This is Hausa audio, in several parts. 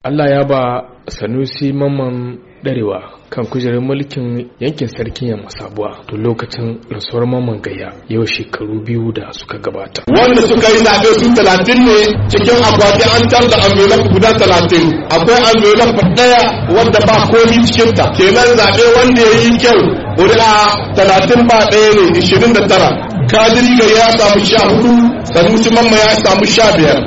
Allah ya ba Sanusi Mamman Darewa kan kujerar mulkin yankin sarkin yamma sabuwa to lokacin rasuwar Mamman Gayya yau shekaru biyu da suka gabata. Wanda suka yi zaɓe su talatin ne cikin akwati an canza ambulan guda talatin akwai ambulan ɗaya wanda ba komi cikinta kenan zaɓe wanda ya yi kyau ƙuri'a talatin ba ɗaya ne ishirin da tara kadiri ya samu sha hudu sanusi mamma ya samu sha biyar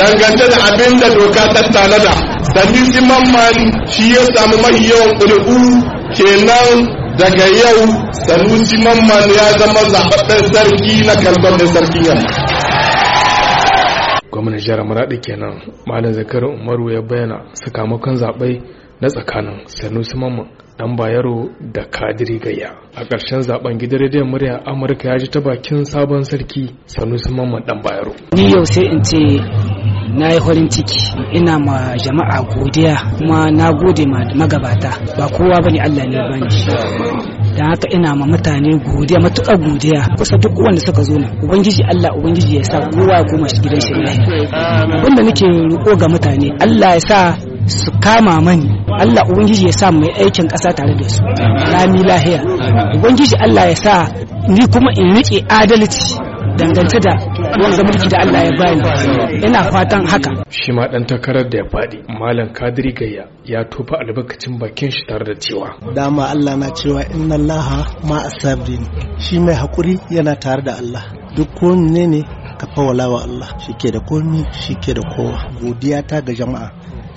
dangance da abin da doka ta tanada Salis Mamman shi ya samu mai yawan ƙuri'u kenan daga yau Sanusi Mamman ya zama zaɓaɓɓen sarki na kalbar da sarkin yamma. Gwamnan jihar Maraɗi kenan Malam Zakar Umaru ya bayyana sakamakon zaɓe na tsakanin Sanusi Mamman dan Bayero da Kadiri Gayya. A ƙarshen zaben gidan rediyon murya Amurka ya ji ta bakin sabon sarki Sanusi Mamman dan Bayero. Ni yau sai in ce na yi farin ciki ina ma jama'a godiya kuma na gode ma magabata ba kowa ba ne Allah ne bane da haka ina ma mutane godiya matuƙa godiya kusa duk wanda suka zo nan ubangiji Allah ubangiji ya sa kowa ya koma shi gidan shi abinda nake roƙo ga mutane Allah ya sa su kama mani Allah ubangiji ya sa mai aikin ƙasa tare da su lami lahiya ubangiji Allah ya sa ni kuma in riƙe adalci dangance da wanda mulki da Allah ya bani ina fatan haka shi ma dan takarar da ya fadi malam kadiri gayya ya tofa albarkacin bakin shi tare da cewa dama Allah na cewa inna Allah ma asabrin shi mai hakuri yana tare da Allah duk ko ne ne ka fawala wa Allah shike da komi shike da kowa godiya ta ga jama'a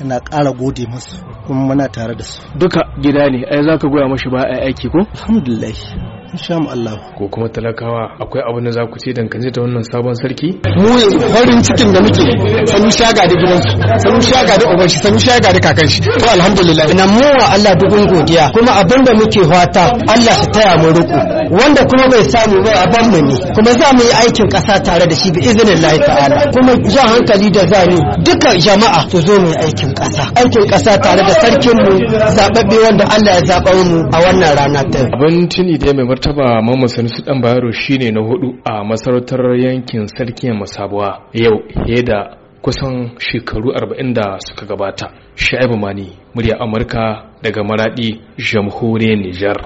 ina ƙara gode masu kuma muna tare da su duka gida ne ai zaka goya mashi ba ai aiki ko alhamdulillah insha Allah ko kuma talakawa akwai abin da za ku ce dangane da wannan sabon sarki mu farin cikin da muke sanu shaga da gidansu sanu shaga da uban shi sanu shaga da kakan shi to alhamdulillah ina mu wa Allah dukun godiya kuma abin da muke fata Allah su taya mu riko wanda kuma bai samu bai a mu ne kuma za mu yi aikin ƙasa tare da shi bi izinin lahi ta'ala kuma jan hankali da zani duka jama'a su zo mu yi aikin kasa aikin ƙasa tare da sarkin mu zaɓaɓɓe wanda Allah ya zaɓa mu a wannan rana ta abin tuni da mai martaba mamman ɗan dan bayero shine na hudu a masarautar yankin sarkin masabuwa yau heda kusan shekaru 40 da suka gabata sha'ibu mani murya amurka daga maradi jamhuriyar nijar